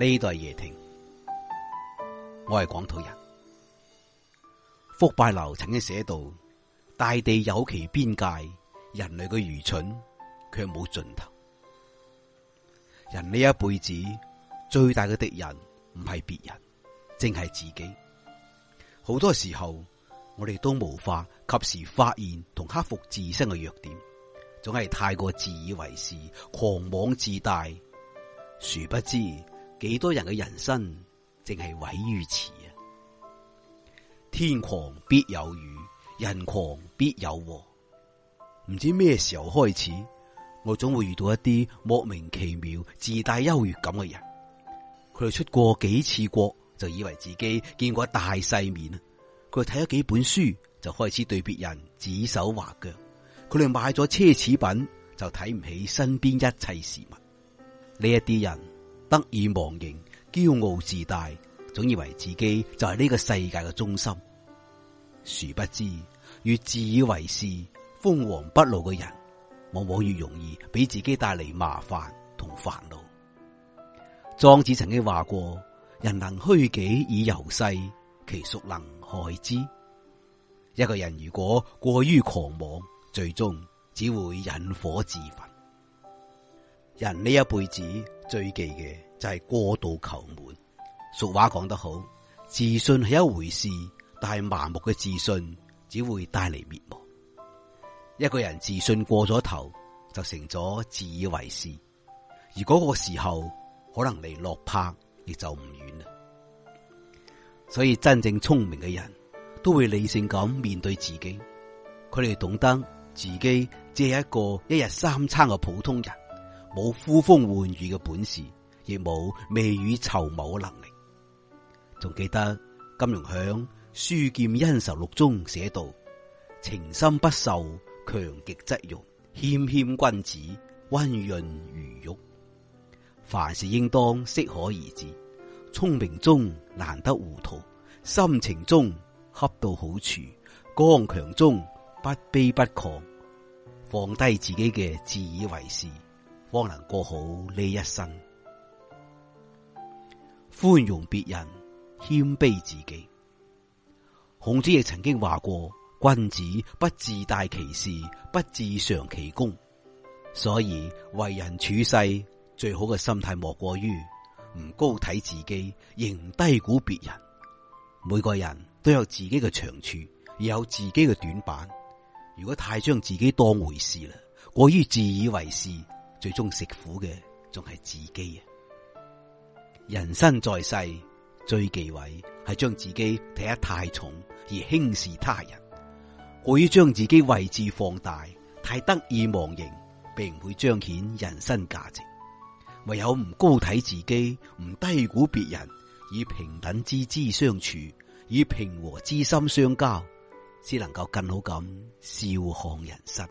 呢度係夜亭，我係廣土人。福拜流曾經寫到：大地有其邊界，人類嘅愚蠢卻冇盡頭。人呢一輩子最大嘅敵人唔係別人，正係自己。好多時候我哋都無法及時發現同克服自身嘅弱點，總係太過自以為是、狂妄自大，殊不知。幾多人嘅人生淨係毀於此啊！天狂必有雨，人狂必有禍。唔知咩時候開始，我總會遇到一啲莫名其妙、自帶優越感嘅人。佢哋出過幾次國，就以為自己見過大世面。佢哋睇咗幾本書，就開始對別人指手畫腳。佢哋買咗奢侈品，就睇唔起身邊一切事物。呢一啲人。得意忘形、驕傲自大，總以為自己就係呢個世界嘅中心。殊不知，越自以為是、鋒芒不露嘅人，往往越容易俾自己帶嚟麻煩同煩惱。莊子曾經話過：人能虛己以游世，其孰能害之？一個人如果過於狂妄，最終只會引火自焚。人呢一輩子。最忌嘅就係過度求滿。俗話講得好，自信係一回事，但係盲目嘅自信只會帶嚟滅亡。一個人自信過咗頭，就成咗自以為是，而嗰個時候，可能離落魄亦就唔遠啦。所以真正聰明嘅人都會理性咁面對自己，佢哋懂得自己只係一個一日三餐嘅普通人。冇呼風喚雨嘅本事，亦冇未雨綢繆嘅能力。仲記得金庸響《書劍恩仇錄》中寫到：情深不壽，強極則辱；謙謙君子，溫潤如玉。凡事應當適可而止，聰明中難得糊塗，心情中恰到好處，剛強中不卑不亢，放低自己嘅自以為是。方能過好呢一生。寬容別人，謙卑自己。孔子亦曾經話過：君子不自大其事，不自常其功。所以為人處世最好嘅心態，莫過於唔高睇自己，仍低估別人。每個人都有自己嘅長處，有自己嘅短板。如果太將自己當回事啦，過於自以為是。最終食苦嘅仲係自己啊！人生在世，最忌諱係將自己睇得太重而輕視他人；過於將自己位置放大，太得意忘形，並唔會彰顯人生價值。唯有唔高睇自己，唔低估別人，以平等之姿相處，以平和之心相交，先能夠更好咁笑看人生。